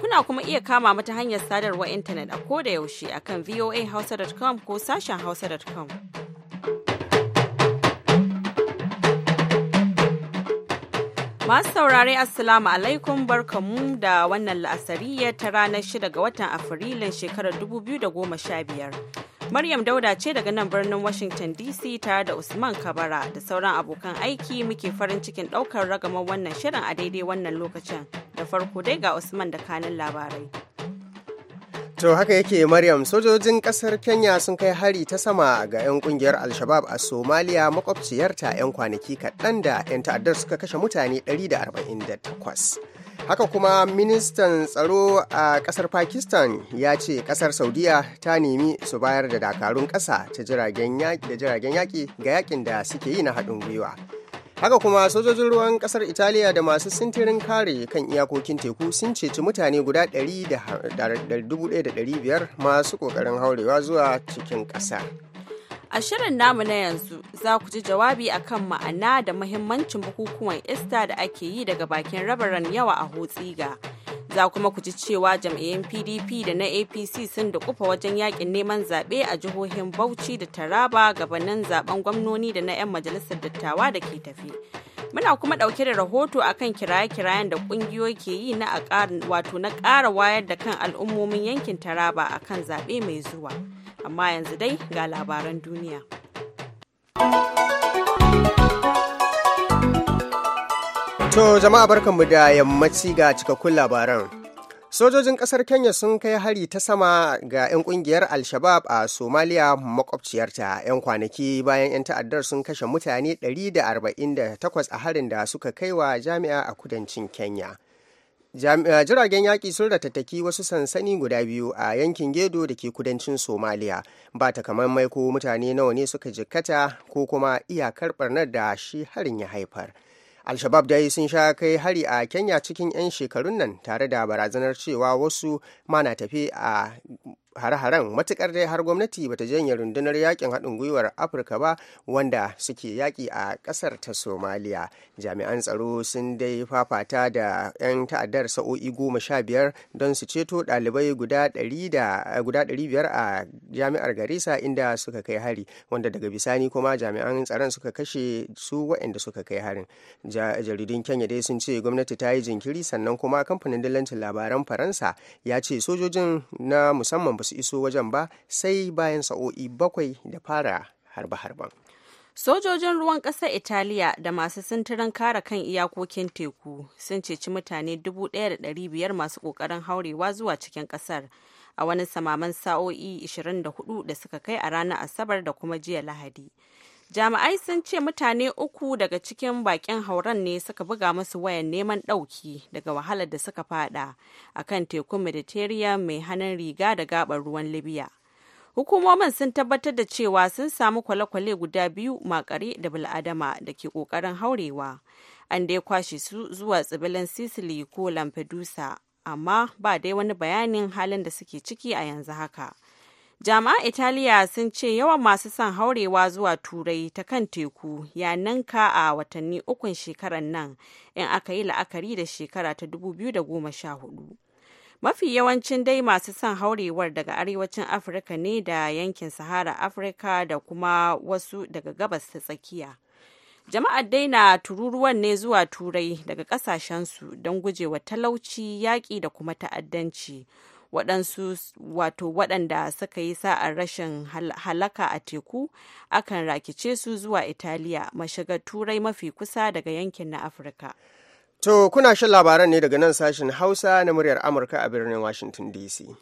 Kuna kuma iya kama mata hanyar sadarwa intanet a koda yaushe akan voahausa.com ko sashen hausa.com. Masu saurare Assalamu alaikum barkamu da wannan la'asariya ta ranar 6 ga watan Afrilun shekarar 2015. Maryam Dauda ce daga nan birnin Washington DC tare da Usman Kabara da sauran abokan aiki muke farin cikin daukar ragamar wannan shirin a daidai wannan lokacin. Da farko dai ga Usman da kanin labarai. To haka yake Maryam sojojin kasar Kenya sun kai hari ta sama ga 'yan kungiyar Al-Shabab a Somalia makwabciyarta 'yan kwanaki kaɗan da 'yan ta'addar suka kashe mutane 148. haka kuma ministan tsaro a kasar pakistan ya ce kasar saudiya ta nemi su bayar da dakarun kasa ta jiragen yaƙi ga yakin da suke yi na haɗin gwiwa haka kuma sojojin ruwan kasar italiya da masu sintirin kare kan iyakokin teku sun ceci mutane guda 1,500 masu ƙoƙarin haurewa zuwa cikin ƙasa. A shirin namu na yanzu za ku ji jawabi akan ma'ana da mahimmancin bukukuwan Ista da ake yi daga bakin rabaran yawa a Hotsiga. Za kuma ku ji cewa jam'iyyun PDP da na APC sun da kufa wajen yakin neman zaɓe a jihohin Bauchi da Taraba gabanin zaben gwamnoni da na 'yan majalisar dattawa da ke tafi. Muna kuma ɗauke da rahoto a kan kiraye-kirayen da ƙungiyoyi ke yi na wato na ƙara wayar da kan al'ummomin yankin Taraba a kan zaɓe mai zuwa. amma yanzu dai ga labaran duniya. To jama'a mu da yammaci ga cikakkun labaran. Sojojin kasar Kenya sun kai hari ta sama ga 'yan kungiyar Al-Shabaab a Somalia makwabciyarta 'yan kwanaki bayan 'yan ta'addar sun kashe mutane 148 a harin da suka kai wa jami'a a kudancin Kenya. Eh, jiragen yaƙi sun ratattaki wasu sansani guda biyu a yankin gedo da ke kudancin somaliya ba ta takamaimai ko mutane nawa ne suka jikkata ko kuma iyakar barnar da shi harin ya haifar alshabab dai sun sha kai hari a kenya cikin 'yan shekarun nan tare da barazanar cewa wasu mana tafi a hare-haren matukar dai har gwamnati bata janye rundunar yakin haɗin gwiwar afirka ba wanda suke yaƙi a ƙasar ta somaliya jami'an tsaro sun dai fafata da 'yan ta'addar sa'o'i goma sha biyar don su ceto ɗalibai guda ɗari biyar a jami'ar garissa inda suka kai hari wanda daga bisani kuma jami'an tsaron suka kashe su waɗanda suka kai harin jaridun kenya dai sun ce gwamnati ta yi jinkiri sannan kuma kamfanin dillancin labaran faransa ya ce sojojin na musamman ba su iso wajen ba sai bayan sa'o'i bakwai da fara harbe-harben sojojin ruwan ƙasar italiya da masu sintirin kare kan iyakokin teku sun ceci mutane 1,500 masu ƙoƙarin haurewa zuwa cikin ƙasar a wani samaman sa'o'i 24 da suka kai a ranar asabar da kuma jiya lahadi Jami'ai sun ce mutane uku daga cikin bakin hauran ne suka buga musu wayan neman ɗauki daga wahalar da suka fada a kan tekun Mediterranean mai hannun riga da gabar ruwan Libya. Hukumomin sun tabbatar da cewa sun samu kwale-kwale guda biyu makare da bil'adama da ke ƙoƙarin haurewa. An dai kwashe su zuwa tsibirin Sicily ko Lampedusa amma ba dai wani bayanin halin da suke ciki a yanzu haka. jami'an italiya sun ce yawan masu son haurewa zuwa turai ta kan teku ya ninka a watanni ukun shekarar nan in aka yi la'akari da shekara ta 2014 mafi yawancin dai masu son haurewar daga arewacin afirka ne da yankin sahara afirka da kuma wasu daga gabas ta tsakiya jama'a dai na tururuwan ne zuwa turai daga kasashensu don gujewa talauci yaƙi da kuma ta'addanci waɗansu wato waɗanda suka yi sa'ar rashin halaka a teku akan rakice su zuwa italiya mashigar turai mafi kusa daga yankin na afirka to kuna shan labaran ne daga nan sashen hausa na muryar amurka a birnin washington dc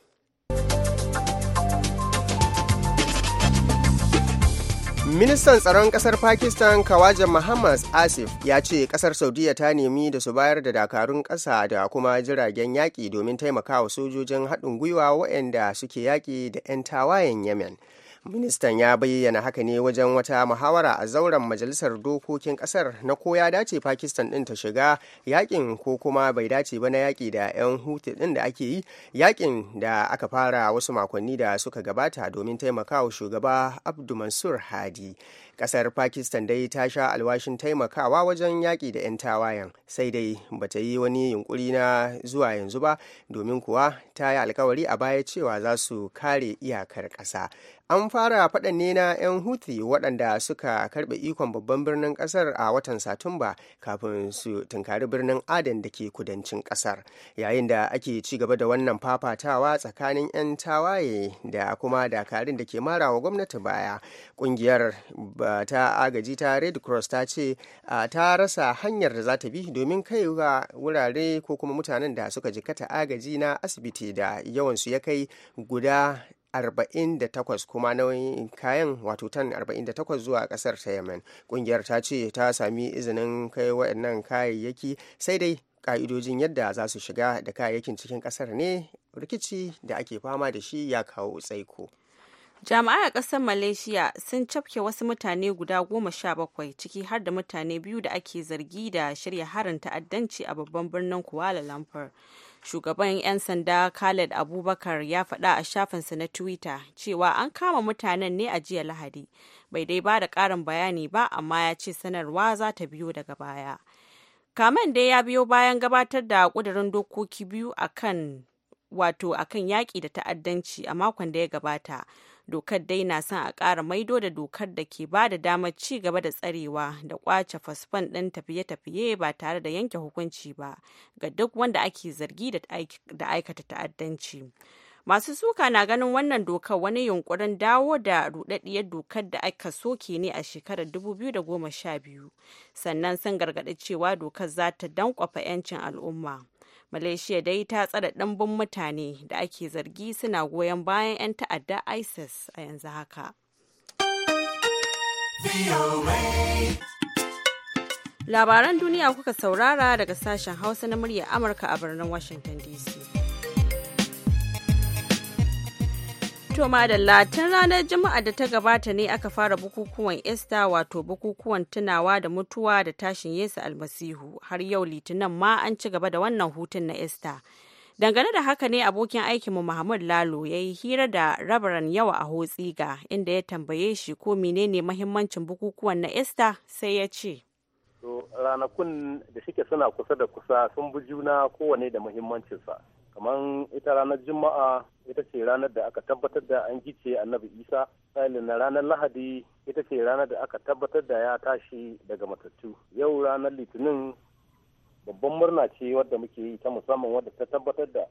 Ministan tsaron kasar Pakistan Kawaja Muhammad Asif ya ce kasar Saudiya ta nemi da su bayar da dakarun ƙasa da kuma jiragen yaƙi domin taimakawa sojojin haɗin gwiwa waɗanda suke yaƙi da 'yan tawayen Yemen. ministan ya bayyana haka ne wajen wata muhawara a zauren majalisar dokokin kasar na ko ya dace pakistan din ta shiga yakin ko kuma bai dace ba na yaki da 'yan hutu din da ake yi yakin da aka fara wasu makonni da suka gabata domin taimakawa shugaba abdu mansur hadi Ƙasar Pakistan dai ta sha alwashin taimakawa wajen yaƙi da 'yan tawayen sai dai bata yi wani yunkuri na zuwa yanzu ba domin kuwa ta yi alkawari a baya cewa za su kare iyakar ƙasa. an fara faɗan ne na 'yan huthi waɗanda suka karɓe ikon babban birnin ƙasar a watan satumba kafin su tunkari birnin aden da ke kudancin ƙasar yayin da ake ci gaba da wannan fafatawa tsakanin 'yan tawaye da kuma dakarun da ke marawa gwamnati baya ƙungiyar ta agaji ta red cross ta ce ta rasa hanyar da za ta bi domin kai wa wurare ko kuma mutanen da suka jikata agaji na asibiti da yawan su ya kai guda 48 kuma nauyin kayan wato tan 48 zuwa kasar ta yemen kungiyar ta ce ta sami izinin kai waɗannan kayayyaki sai dai ka'idojin yadda za su shiga da kayayyakin cikin kasar ne rikici da ake fama da shi ya kawo tsaiko jami'ai a ƙasar malaysia sun cafke wasu mutane guda goma sha bakwai ciki har da mutane biyu da ake zargi da shirya harin ta'addanci a babban birnin kuala lumpur shugaban 'yan sanda khaled abubakar ya faɗa a shafinsa na twitter cewa an kama mutanen ne a jiya lahadi bai dai ba da ƙarin bayani ba amma ya ce sanarwa za ta biyo daga baya kamen dai ya biyo bayan gabatar da ƙudurin dokoki biyu akan wato akan yaƙi da ta'addanci a makon da ya gabata dokar dai na son a ƙara maido da dokar da ke ba da damar ci gaba da tsarewa da kwace fasfon ɗin tafiye-tafiye ba tare da yanke hukunci ba ga duk wanda ake zargi da aikata ta'addanci masu suka na ganin wannan dokar wani yunkurin dawo da rudaddiyar dokar da aka soke ne a shekarar 2012 sannan sun gargaɗi cewa dokar za ta dankwafa 'yancin al'umma malaysia dai ta tsada ɗanbin mutane da ake zargi suna goyon bayan 'yan ta'adda isis a yanzu haka labaran duniya kuka saurara daga sashen hausa na murya amurka a birnin washington dc To madalla tun ranar Juma'a da ta gabata ne aka fara bukukuwan esta wato bukukuwan tunawa da mutuwa da tashin Yesu almasihu har yau litinin ma an ci gaba da wannan hutun na ista Dangane da haka ne abokin aikinmu Muhammad Lalo ya yi hira da rabaran yawa a Hotsiga inda ya tambaye shi ko menene mahimmancin bukukuwan na esta sai ya ce. ranakun da shike suna kusa da kusa sun bi juna kowane da muhimmancinsa. kamar ita ranar juma'a ita ce ranar da aka tabbatar da an gice annabi isa sa'ilin na ranar lahadi ita ce ranar da aka tabbatar da ya tashi daga matattu yau ranar litinin babban murna ce wadda muke yi ta musamman wadda ta tabbatar da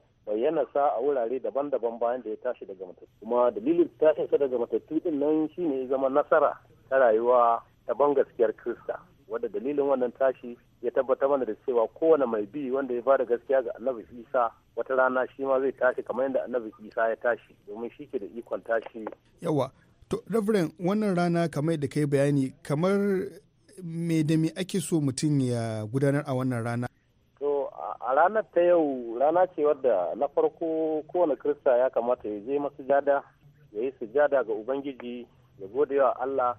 sa a wurare daban-daban bayan da ya tashi daga matattu kuma dalilin tashinsa daga matattu din nan shine zama nasara ta rayuwa ta ban gaskiyar kirista wanda dalilin wannan tashi ya tabbatar mana da cewa kowane mai bi wanda ya bada gaskiya ga annabi isa wata rana shi ma zai tashi kamar yadda annabi isa ya tashi domin shi ke da ikon tashi yawa to reverend wannan rana kamar da kai bayani kamar me da me ake so mutum ya gudanar a wannan rana to a ranar ta yau rana ce wadda na farko kowane krista ya kamata ya je masu jada ya yi sujada ga ubangiji ya gode wa allah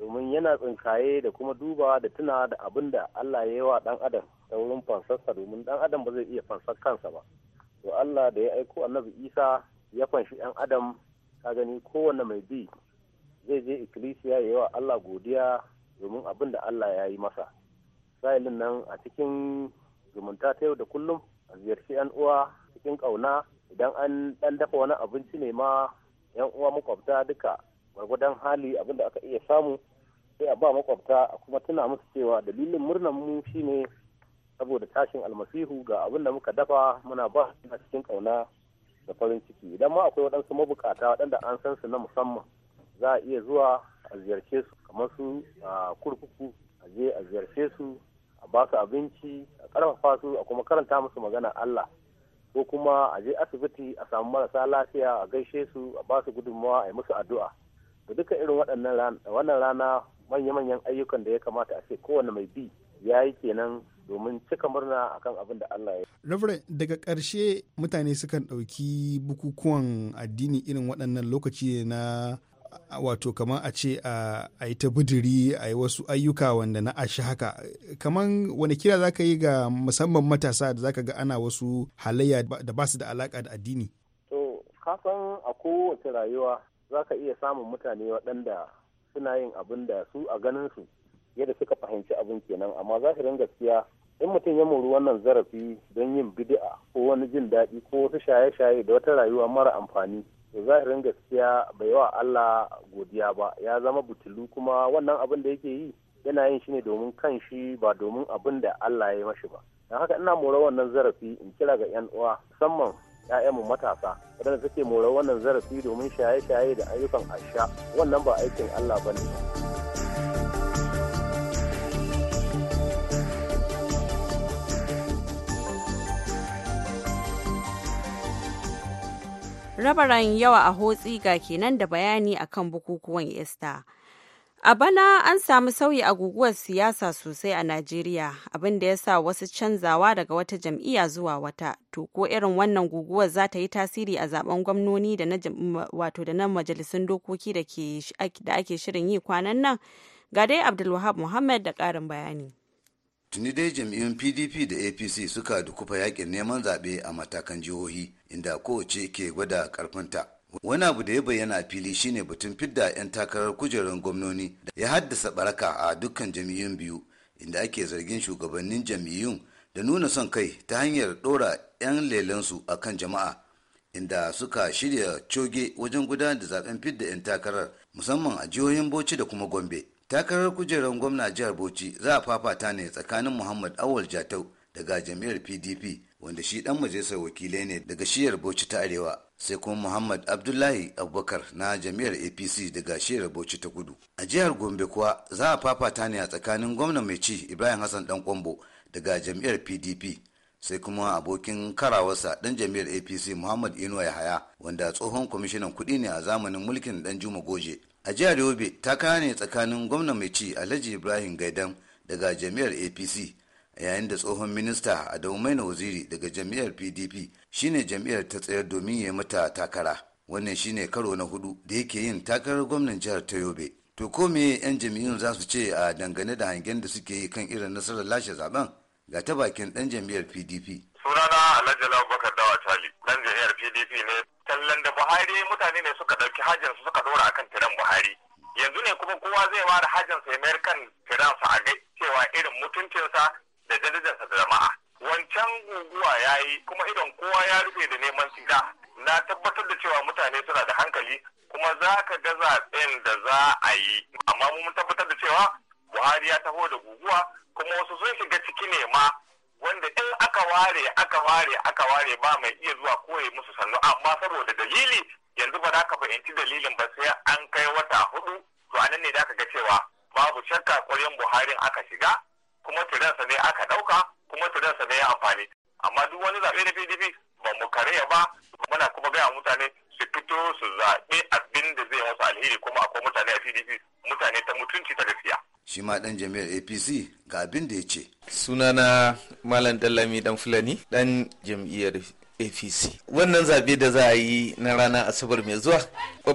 domin yana tsinkaye da kuma duba da tuna da abin da Allah ya yi wa dan adam ta wurin fansarsa domin dan adam ba zai iya fansar kansa ba to Allah da ya aiko annabi Isa ya fanshi yan adam ka gani kowanne mai bi zai je ikkilisiya ya yi wa Allah godiya domin abin da Allah ya yi masa sa'ilin nan a cikin zumunta ta yau da kullum a ziyarci yan uwa cikin ƙauna idan an ɗan dafa wani abinci ne ma yan uwa makwabta duka gwargwadon hali abin da aka iya samu sai a ba makwabta a kuma tuna musu cewa dalilin murnan mu shine saboda tashin almasihu ga abin da muka dafa muna ba a cikin kauna da farin ciki idan ma akwai waɗansu mabukata waɗanda an san su na musamman za a iya zuwa a ziyarce su kamar su a kurkuku a je a ziyarce su a ba su abinci a karfafa su a kuma karanta musu magana Allah ko kuma a je asibiti a samu marasa lafiya a gaishe su a ba su gudunmawa a yi musu addu'a da duka irin waɗannan rana wannan rana manya-manyan ayyukan da ya kamata a ce kowane mai bi ya yi kenan domin cika murna akan abin da Allah ya Reverend daga karshe mutane sukan ɗauki bukukuwan addini irin waɗannan lokaci na wato kamar a ce a yi ta buduri a yi wasu ayyuka wanda na ashi haka kamar wani kira za ka yi ga musamman matasa da za ka ga ana wasu halayya da ba su da alaka da addini to kasan a kowace rayuwa za ka iya samun mutane waɗanda suna yin abin da su a ganin su yadda suka fahimci abin kenan amma zahirin gaskiya in mutum ya mori wannan zarafi don yin bidi'a ko wani jin daɗi ko wasu shaye-shaye da wata rayuwa mara amfani to zahirin gaskiya bai wa Allah godiya ba ya zama butulu kuma wannan abin da yake yi yana yin shi ne domin kan shi ba domin abin da Allah ya yi mashi ba don haka ina mora wannan zarafi in kira ga 'yan uwa musamman ƴaƴanmu matasa waɗanda suke mora wannan zarafi domin shaye-shaye da ayyukan asha wannan ba aikin Allah ba ne. Rabaran yawa a hotsi ga kenan da bayani akan bukukuwan Easter. A bana an samu sauyi a guguwar siyasa sosai a Najeriya, abinda ya sa wasu canzawa daga wata jam'iyya zuwa wata. To ko irin wannan guguwar za ta yi tasiri a zaben gwamnoni da na wato da na majalisun dokoki da ake shirin yi kwanan nan? Ga dai Abdulwahab Muhammad da ƙarin bayani. Tuni dai jam'iyyun PDP da APC suka dukufa yakin neman zaɓe a matakan jihohi, inda kowace ke gwada ƙarfinta. wani abu da ya bayyana a fili shine batun fidda 'yan takarar kujerar gwamnoni da ya haddasa baraka a dukkan jam'iyyun biyu inda ake zargin shugabannin jam'iyyun da nuna son kai ta hanyar ɗora 'yan lelensu a kan jama'a inda suka shirya coge wajen gudanar da zaben fidda 'yan takarar musamman a jihohin bauchi da kuma gombe takarar kujerar gwamna jihar bauchi za a fafata ne tsakanin muhammad awal jatau daga jam'iyyar pdp wanda shi dan majalisar wakilai ne daga shiyar bauchi ta arewa sai kuma muhammad abdullahi abubakar na jami'ar apc daga shirar bauchi ta kudu a jihar gombe kuwa za a fafata ne a tsakanin gwamna mai ci ibrahim hassan dan kwambo daga jami'ar pdp sai kuma abokin karawarsa dan jami'ar apc muhammad inuwa yahaya wanda tsohon kwamishinan kuɗi ne a zamanin mulkin dan juma goje a jihar yobe ta kana ne tsakanin gwamna mai ci alhaji ibrahim gaidan daga jami'ar apc yayin da tsohon minista Adamu na Waziri daga jam'iyyar PDP shine jam'iyyar ta tsayar domin ya mata takara. Wannan shine karo na hudu da yake yin takarar gwamnan jihar ta Yobe. To ko me 'yan jam'iyyun za su ce a dangane da hangen da suke yi kan irin nasarar lashe zaben? Ga ta bakin ɗan jam'iyyar PDP. Sunana Alhaji Abubakar Dawa Tali, ɗan jam'iyyar PDP ne. Tallan da Buhari mutane ne suka ɗauki su suka ɗora akan tiran Buhari. yanzu ne kuma kowa zai ware hajjin sai mayar kan Tiransa a gai cewa irin mutuncinsa da darajar jama'a wancan guguwa ya yi kuma idan kowa ya rufe da neman shiga. na tabbatar da cewa mutane suna da hankali kuma za ka ga zaɓen da za a yi amma mun tabbatar da cewa buhari ya taho da guguwa kuma wasu sun shiga ciki ne ma wanda in aka ware aka ware aka ware ba mai iya zuwa ko yi musu sannu amma saboda dalili yanzu ba za ka fahimci dalilin ba sai an kai wata hudu to anan ne da ka ga cewa babu shakka ƙwaryen buhari aka shiga kuma turensa ne aka ɗauka kuma turensa ne ya amfani amma duk wani zaɓe da pdp ba mu karya ba muna kuma gaya mutane su fito su zaɓe abin da zai wasu alheri kuma akwai mutane a pdp mutane ta mutunci ta gaskiya shi ma dan jami'ar apc ga abin da ya ce sunana malam dallami dan fulani dan jam'iyyar apc wannan zabe da za a yi na ranar asabar mai zuwa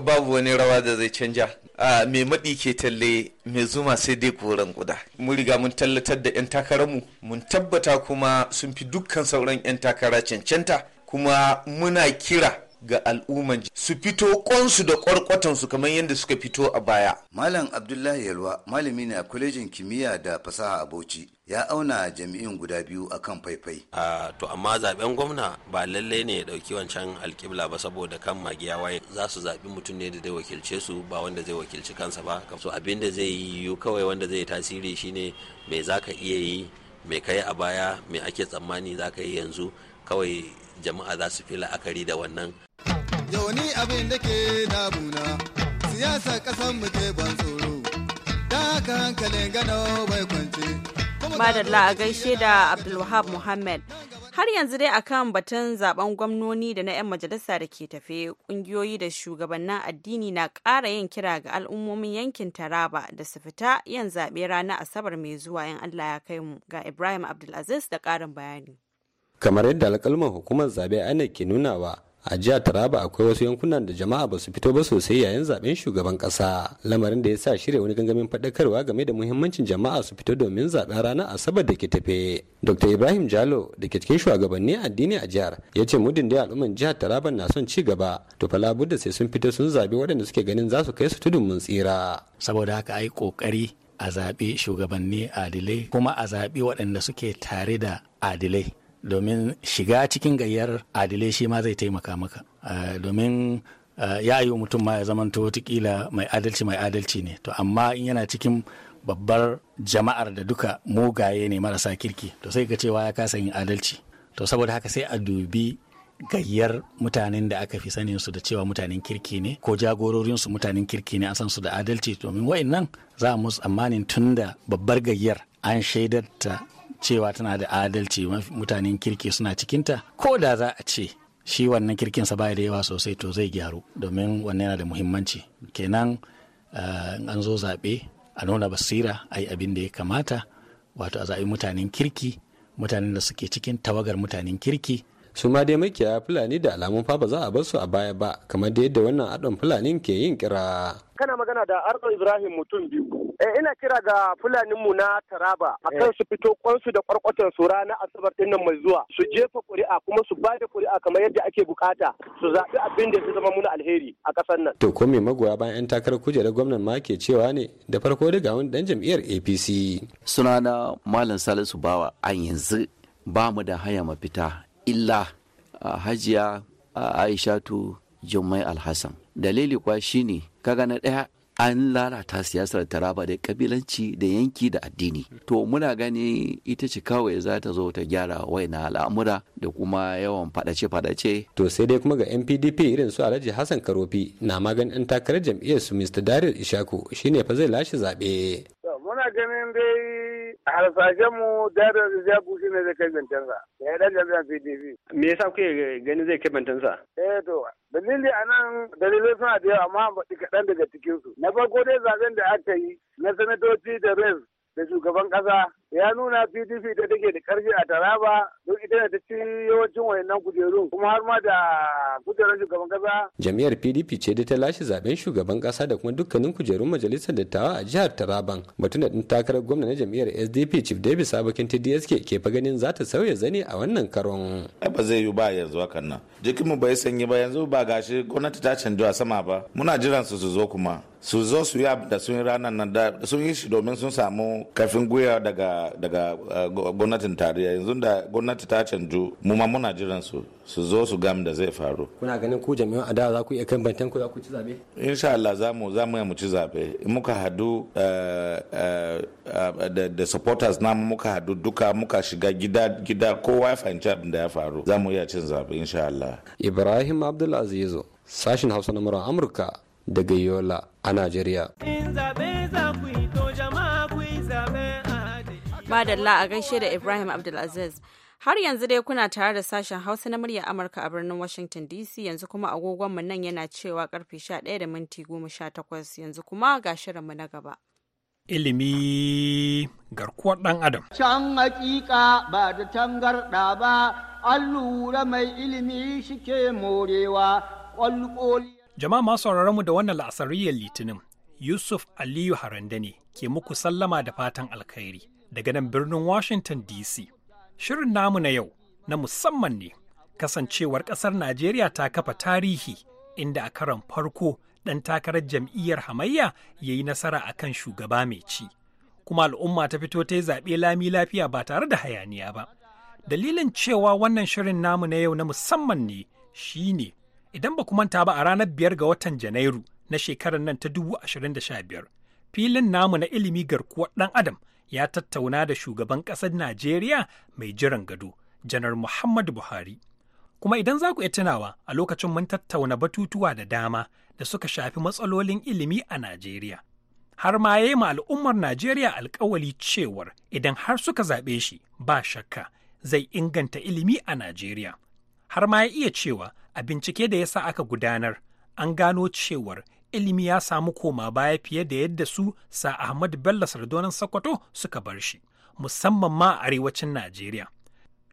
babu wani rawa da zai canja a mai maɗi ke talle mai zuma sai dai koren guda mun riga mun tallatar da 'yan takararmu mun tabbata kuma sun fi dukkan sauran 'yan takara cancanta kuma muna kira ga al'umman su fito ƙonsu da ƙwarƙwatansu kamar yadda suka fito a baya. Malam Abdullahi Yalwa malami ne a kwalejin kimiyya da fasaha a Bauchi ya auna jami'in guda biyu a kan faifai. to amma zaɓen gwamna ba lallai ne ya ɗauki wancan alƙibla ba saboda kan magiya waye za su zaɓi mutum ne da zai wakilce su ba wanda zai wakilci kansa ba. So abin da zai yi kawai wanda zai tasiri shine mai za ka iya yi mai kai a baya mai ake tsammani za ka yi yanzu kawai jama'a za su fi la'akari da wannan. yawani abin da ke damuna siyasa kasan mu ke ban tsoro da haka hankalin gano bai kwance. Madalla a gaishe da Abdulwahab Muhammad. Har yanzu dai akan batun zaben gwamnoni da na 'yan majalisa da ke tafe kungiyoyi da shugabannin addini na kara yin kira ga al'ummomin yankin Taraba da su fita yin zaɓe ranar Asabar mai zuwa 'yan Allah ya kai mu ga Ibrahim Abdulaziz da ƙarin bayani. kamar yadda alkalman hukumar zabe ana ke nunawa a jihar taraba akwai wasu yankunan da jama'a ba su fito ba sosai yayin zaben shugaban ƙasa, lamarin da ya sa shirya wani gangamin faɗakarwa game da muhimmancin jama'a su fito domin zaben ranar asabar da ke tafe dr ibrahim jalo da ke cikin shugabanni addini a jihar ya ce muddin da al'umman jihar taraba na son ci gaba to fa labudda sai sun fito sun zabe waɗanda suke ganin za su kai su tudun mun tsira saboda haka ai kokari a zaɓi shugabanni adilai kuma a zaɓi waɗanda suke tare da adilai domin shiga cikin gayyar adile shi ma zai taimaka maka ah, domin ah, ya yi mutum ma ya zamanto watakila mai adalci mai adalci ne to amma in yana cikin babbar jama'ar da duka mugaye ne marasa kirki to sai ga cewa ya kasa yin adalci to saboda haka sai a dubi gayyar mutanen da aka fi sanin su da cewa mutanen kirki ne ko jagororin su mutanen kirki ne a san su da adalci domin wa'annan za mu tsammanin tun da babbar gayyar an shaidar ta cewa tana da adalci mutanen kirki suna cikinta ko da za a ce shi wannan kirkinsa baya da yawa sosai to zai gyaru domin wannan yana da muhimmanci kenan eh, an zo zaɓe a nuna basira a yi abin da ya kamata wato a zaɓi mutanen kirki mutanen da suke cikin tawagar mutanen kirki su ma dai makiyaya fulani da alamun fa ba za a bar su a baya ba kamar da yadda wannan adon fulani ke yin kira kana magana da arzikin ibrahim mutum biyu Eh, ina kira ga fulanin mu na Taraba a kan eh. su fito kwansu da kwarkwatan su ranar Asabar din nan mai zuwa su jefa kuri'a kuma su ba da kuri'a kamar yadda ake bukata su zaɓi abin da zai zama muna alheri a kasar nan. To mai magoya bayan 'yan takarar kujerar gwamnan ma ke cewa ne da farko daga wani dan jam'iyyar APC. Suna na Malam Salisu Bawa a yanzu ba mu da haya mafita illa Hajiya Aishatu Jummai Alhassan. Dalili kwa ne kaga na ɗaya an lalata siyasar taraba da kabilanci da yanki da addini to muna gani ita ce kawai za ta zo ta gyara waina al'amura da kuma yawan fadace-fadace to sai dai kuma ga npdp irin su alhaji hassan karofi na maganin takarar jam'iyyar su mr daryl ishaku shine fa zai lashe zaɓe muna ganin dai harsashen harsashenmu jadon jabu shi ne zai kai bantansa ya yi ɗan jami'an pdp me yasa kuke gani zai kai bantansa eh to dalili a nan dalilai suna da yawa amma baɗi kaɗan daga cikinsu na farko dai zaben da aka yi na sanatoci da res da shugaban ƙasa ya nuna pdp da take da karfi a taraba don ita da ta ci yawancin wayannan kujeru kuma har ma da kujerun shugaban kasa jami'ar pdp ce da ta lashe zaben shugaban kasa da kuma dukkanin kujerun majalisar dattawa a jihar taraban batun da takarar gwamna na jami'ar sdp chief davis ta tdsk ke fa ganin za ta sauya zane a wannan karon ba zai yi ba yanzu hakan nan jikinmu bai sanyi ba yanzu ba gashi gwamnati ta canjo a sama ba muna jiran su su zo kuma su zo su yi da sun yi ranar nan da sun yi shi domin sun samu kafin gwiwa daga daga eh, gwamnatin tarayya yanzu da gwamnati ta canju mu ma muna jiran su su zo su gam da zai faru kuna ganin ku jami'an adawa za ku iya kan bantan ku za ku ci zabe insha Allah za mu za mu ci zabe muka hadu eh, eh, da supporters na muka hadu duka muka shiga gida gida ko ya fahimci abin da ya faru za mu iya cin zabe insha Allah Ibrahim Abdulaziz sashin Hausa na Amurka daga Yola a Najeriya. Madalla a gaishe da Ibrahim Abdulaziz. Har yanzu dai kuna tare da sashen Hausa na murya Amurka a birnin Washington DC yanzu kuma agogonmu nan yana cewa karfe 11 da minti 18 yanzu kuma ga shirinmu na gaba. Ilimi garkuwar ɗan Adam. Can hakika ba da tangarɗa ba, an lura mai ilimi shike morewa, ƙwalƙoli. Jama'a masu mu da wannan la'asariyar Litinin, Yusuf Aliyu Harande ke muku sallama da fatan alkhairi. daga nan birnin Washington DC. Shirin namu na yau na musamman ne kasancewar ƙasar Najeriya ta kafa tarihi inda a karon farko ɗan takarar jam'iyyar hamayya ya yi nasara a kan shugaba mai ci. Kuma al'umma ta fito ta yi zaɓe lami lafiya ba tare da hayaniya ba. Dalilin cewa wannan shirin namu na yau na musamman ne shi ne idan ba manta ba a ranar biyar ga watan Janairu na shekarar nan ta dubu ashirin da sha biyar, filin namu na ilimi garkuwar ɗan adam ya tattauna da shugaban ƙasar Najeriya mai jiran gado, Janar Muhammadu Buhari. Kuma idan za ku iya tunawa a lokacin mun tattauna batutuwa da dama da suka shafi matsalolin ilimi a Najeriya. Har ma ya yi ma al'ummar Najeriya alkawali cewar idan har suka zaɓe shi ba shakka zai inganta ilimi a Najeriya. Har ma ya iya cewa a bincike da ya sa aka gudanar an gano cewar ilimi ya samu koma baya fiye da yadda su sa Ahmad Bello Sardonan Sokoto suka bar shi, musamman ma a arewacin Najeriya.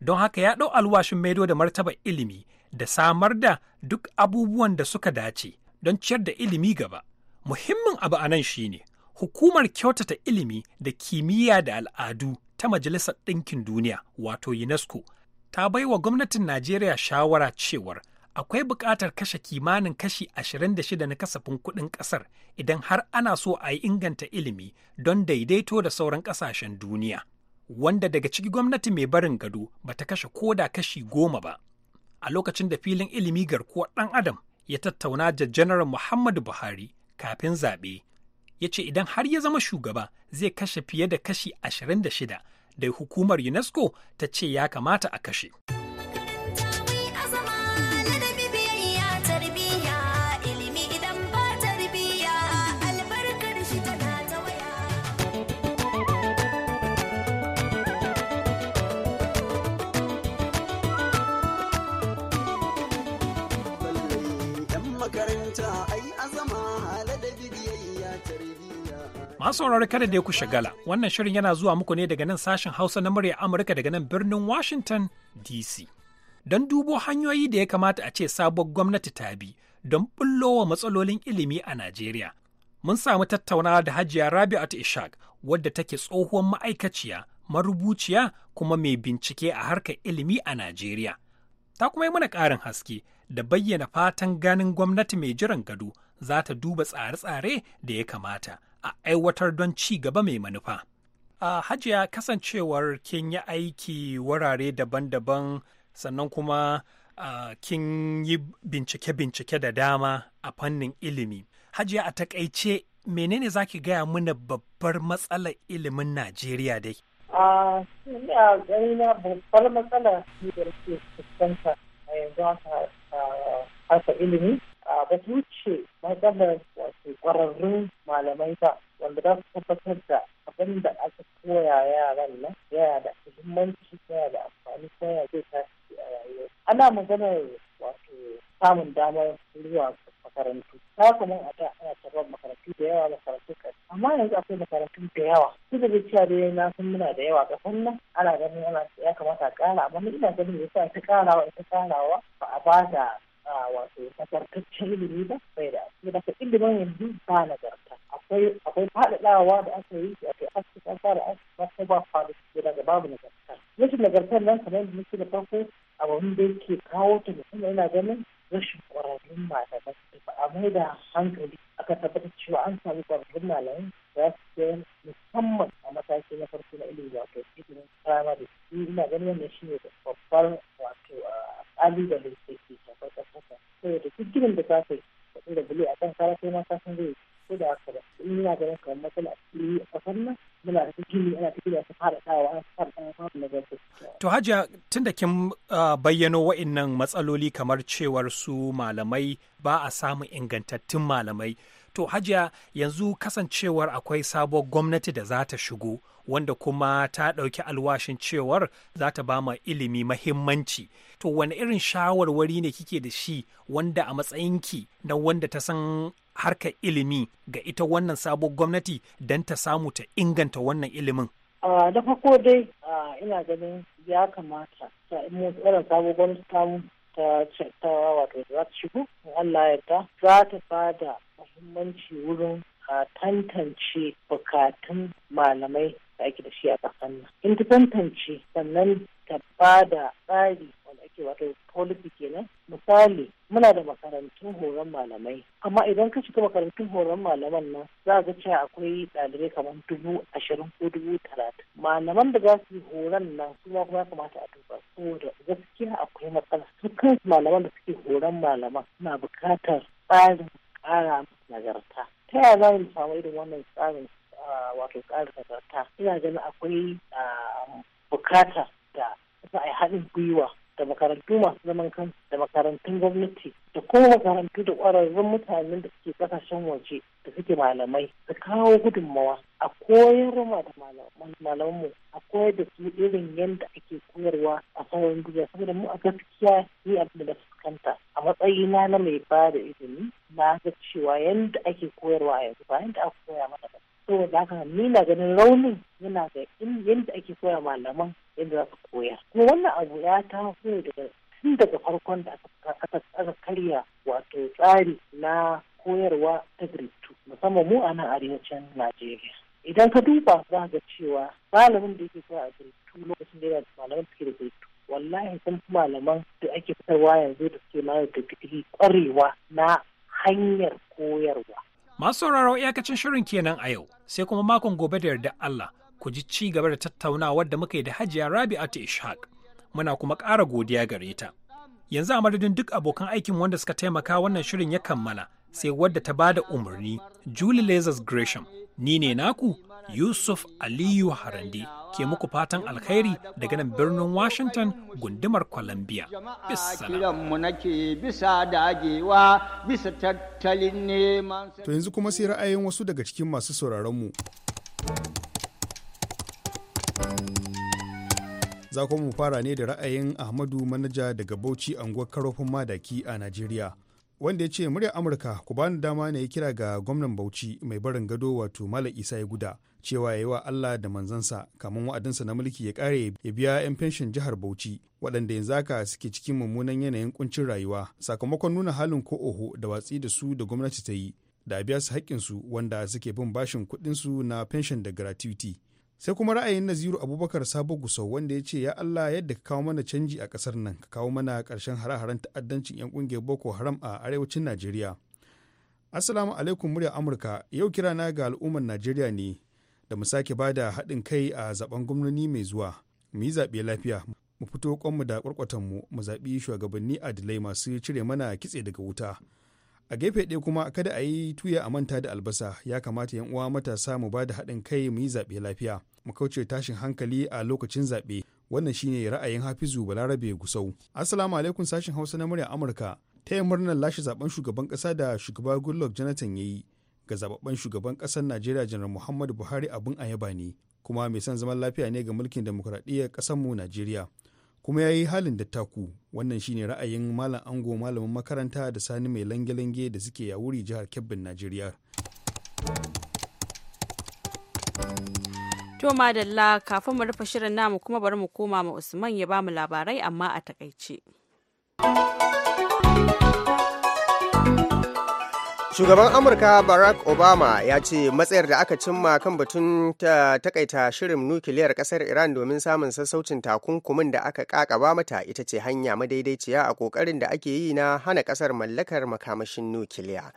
Don haka ya ɗau alwashin maido da martaba ilimi da samar da duk abubuwan da suka dace don ciyar da ilimi gaba. Muhimmin abu a nan shine hukumar kyautata ilimi da kimiyya da al'adu ta Majalisar Ɗinkin Duniya wato UNESCO ta baiwa gwamnatin Najeriya shawara cewar akwai buƙatar kashe kimanin kashi 26 na kasafin kuɗin ƙasar idan har ana so a yi inganta ilimi don daidaito da sauran ƙasashen duniya, wanda daga ciki gwamnati mai barin gado ba ta kashe da kashi goma ba. A lokacin da filin ilimi garkuwar ɗan Adam ya tattauna da Janaral Muhammadu Buhari kafin zaɓe, ya ce idan har ya zama shugaba zai kashe fiye da kashi 26 da hukumar UNESCO ta ce ya kamata a kashe. Masu saurare kada da ya ku shagala, wannan shirin yana zuwa muku ne daga nan sashen Hausa na murya Amurka daga nan birnin Washington DC. Don dubo hanyoyi da ya kamata a ce sabuwar gwamnati ta bi don bullo wa matsalolin ilimi a Najeriya. Mun samu tattaunawa da Hajiya Rabi'atu Ishaq wadda take tsohuwar ma'aikaciya, marubuciya kuma mai bincike a harkar ilimi a Najeriya. Ta kuma yi mana ƙarin haske da bayyana fatan ganin gwamnati mai jiran gado za ta duba tsare-tsare da ya kamata. a aiwatar don ci gaba mai manufa. A hajiya kasancewar kin yi aiki wurare daban-daban sannan kuma kin yi bincike-bincike da dama a fannin ilimi. Hajiya a takaice menene za ki gaya mana babbar matsalar ilimin Najeriya dai? A gani na babbar matsala da ke fuskanta a yanzu haka ilimi a ah, batuce wuce matsalar wasu ƙwararrun malamai ba wanda za su tabbatar da abin da aka koya yaran nan yaya da muhimmanci yaya da amfani yaya zai tashi a rayuwa ana maganar wasu samun damar zuwa makarantu ta kuma a da ana tabbatar makarantu da yawa makarantu kai amma yanzu akwai makarantu da yawa su da cewa da na san muna da yawa ƙasar nan ana ganin ana ya kamata a ƙara amma ina ganin yasa ta ƙarawa ita ƙarawa ba a ba wato nagartaccen ilimi ba bai da ba ka ilimin yanzu ba nagarta akwai akwai faɗaɗawa da aka yi a kai aski ta fara aski ba ko ba faɗi da daga babu nagarta rashin nagartar nan kamar yadda muke da farko abin da yake kawo ta musamman yana ganin rashin ƙwararrun malamai ba a mai da hankali aka tabbatar cewa an sami ƙwararrun malamai za su yi musamman a mataki na farko na ilimi wato ilimin firamare ina ganin wannan shi ne babbar wato ƙalubale shirin da ka kai da bulu a kan kara kai mata sun zai ko da haka ba in yana ganin kamar matsala a cikin a kasar nan muna da gini ana cikin da su fara tsawa an fara tsawa kafin na gaske. To Hajiya tun da kin ah, bayyano wa'innan matsaloli kamar cewar su malamai ba a samun ingantattun malamai To hajiya yanzu kasancewar akwai sabuwar gwamnati da za ta shigo wanda kuma ta ɗauki alwashin cewar za ta ba ma ilimi mahimmanci. To wani irin shawarwari ne kike da shi wanda a matsayinki na wanda ta san harka ilimi ga ita wannan sabuwar gwamnati don ta samu ta inganta wannan ilimin? Da farko dai ina ganin ya kamata sabuwar gwamnati ta ta wato za ta shigo Allah yarda za ta bada muhimmanci wurin a tantance bukatun malamai da ake da shi a ƙasar nan. In tantance sannan ta da tsari wanda ake wato policy kenan misali muna da makarantun horon malamai amma idan ka shiga makarantun horon malaman nan za ga cewa akwai dalibai kamar dubu ashirin ko dubu talatin malaman da za su yi horon nan kuma kuma ya kamata a duba saboda gaskiya akwai matsala su kansu malaman da suke horon malaman suna bukatar tsarin ƙara nagarta ta yaya za mu samu irin wannan tsarin ah, wato ƙara nagarta ina ganin akwai ah, bukata za a yi haɗin gwiwa da makarantu masu zaman kansu da makarantun gwamnati da kuma makarantu da ƙwararrun mutanen da suke ƙasashen waje da suke malamai da kawo gudunmawa a koyar ma da malamanmu a koyar da su irin yadda ake koyarwa a sauran duniya saboda mu a gaskiya ni abin da fuskanta a matsayina na mai ba da izini na ga cewa yadda ake koyarwa a yanzu ba yadda aka koya mana ba saboda haka ni na ganin raunin yana da yadda ake koya malaman yadda za su koya kuma wannan abu ya taso daga tun daga farkon da aka karya wato tsari na koyarwa ta gritu musamman mu a nan arewacin najeriya idan ka duba za ga cewa malamin da yake koya a gritu lokacin da yana malaman suke da gritu wallahi sun fi malaman da ake fitarwa yanzu da suke malar da digiri kwarewa na hanyar koyarwa Masu sauraro iyakacin shirin kenan a yau, sai kuma makon gobe da yarda Allah ku ji ci gaba da tattaunawar da muka yi da Hajiya Rabi'atu Ishaq. Muna kuma ƙara godiya gare ta. Yanzu a madadin duk abokan aikin wanda suka taimaka wannan shirin ya kammala, sai wadda ta ba da umarni, Julie Lazarus Gresham. Ni ne naku Yusuf Aliyu Harande ke muku fatan alkhairi daga nan birnin Washington gundumar Columbia. To yanzu kuma sai ra'ayin wasu daga cikin masu sauraronmu. Za mu fara ne da ra'ayin Ahmadu Manaja daga Bauchi anguwar Karofin Madaki a Najeriya. wanda ya ce muryar amurka ku bani dama na yi kira ga gwamnan bauchi mai barin gado wato mala isa ya guda cewa ya yi wa Allah da manzansa kamar wa'adinsa na mulki ya kare ya biya 'yan fenshin jihar Bauchi waɗanda yanzu haka suke cikin mummunan yanayin kuncin rayuwa sakamakon nuna halin ko oho da watsi da su da gwamnati ta yi da biya su haƙƙinsu wanda suke bin bashin kuɗin su na fenshin da gratuity. sai kuma ra'ayin naziru abubakar sabo gusau wanda ya ce ya allah yadda ka kawo mana canji a ƙasar nan ka kawo mana ƙarshen hare-haren ta'addancin 'yan ƙungiyar boko haram a arewacin najeriya assalamu alaikum murya amurka yau kirana ga al'ummar najeriya ne da mu sake ba da haɗin kai a zaben gwamnoni mai zuwa mu yi zaɓe lafiya mu fito kwanmu da kwarkwatanmu mu zaɓi shugabanni adilai masu cire mana kitse daga wuta a gefe ɗaya kuma kada a yi tuya a manta da albasa ya kamata yan uwa matasa mu ba da haɗin kai mu yi zaɓe lafiya mu kauce tashin hankali a lokacin zaɓe wannan shine ra'ayin hafizu balarabe gusau assalamu alaikum sashin hausa na murya amurka ta yi murnar lashe zaben shugaban ƙasa da shugaba goodluck jonathan ya yi ga zababben shugaban ƙasar najeriya janar muhammadu buhari abin yaba ne kuma mai son zaman lafiya ne ga mulkin demokuraɗiyyar mu najeriya kuma ya yi halin da taku wannan shine ra'ayin malam ango malamin makaranta da sani mai lange-lange da suke yawuri jihar kebbin najeriya to madalla kafin mu rufe shirin namu kuma bari mu koma ma usman ya bamu labarai amma a takaice. Shugaban Amurka Barack Obama ya ce matsayar da aka cimma kan batun ta takaita shirin nukiliyar kasar Iran domin samun sassaucin takunkumin da aka kakaba mata ita ce hanya madaidaiciya a ƙoƙarin da ake yi na hana kasar mallakar makamashin nukiliya.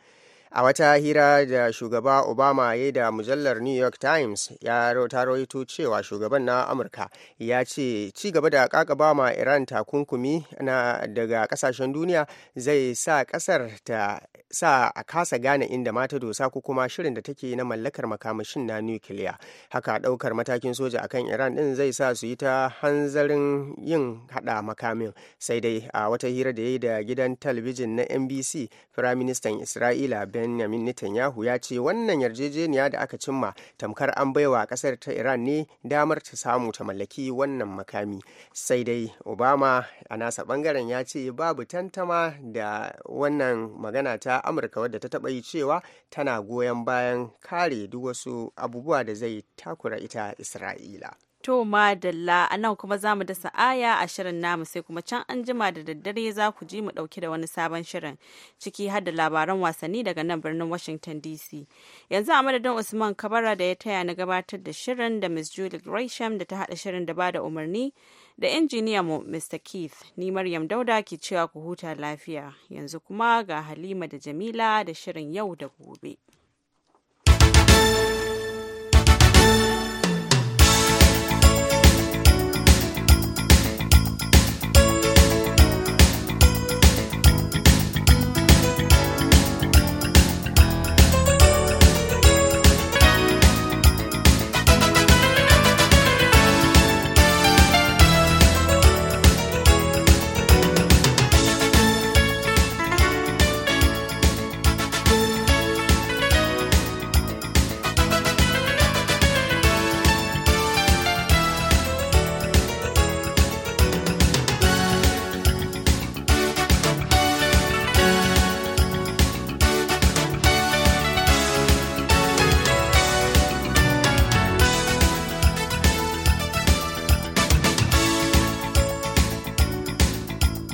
a wata hira da shugaba obama ya da mujallar new york times ya ta rawaito cewa shugaban na amurka ya ce ci gaba da kakaba ma iran takunkumi na daga kasashen duniya zai sa kasar ta sa a kasa gane inda mata dosa ko kuma shirin da take na mallakar makamashin na nukiliya haka daukar matakin soja akan iran din zai sa su yi ta hanzarin yin hada makamin sai dai a wata hira da ya yi da gidan talabijin na nbc firaministan isra'ila ben benjamin netanyahu ya ce wannan yarjejeniya da aka cimma tamkar an baiwa kasar ta iran ne damar ta samu ta mallaki wannan makami sai dai obama a nasa bangaren ya ce babu tantama da wannan magana ta amurka wadda ta taba yi cewa tana goyon bayan kare duk wasu abubuwa da zai takura ita isra'ila To madalla a nan kuma za mu da sa'aya a shirin namu sai kuma can an jima da daddare za ku ji mu ɗauki da wani sabon shirin ciki har da labaran wasanni daga nan birnin Washington DC. Yanzu a madadin Usman Kabara da ya taya na gabatar da shirin da ms Julie Gresham da ta haɗa shirin da ba da umarni da injiniya mu Mr. Keith ni Maryam Dauda ke cewa ku huta lafiya yanzu kuma ga Halima da Jamila da shirin yau da gobe.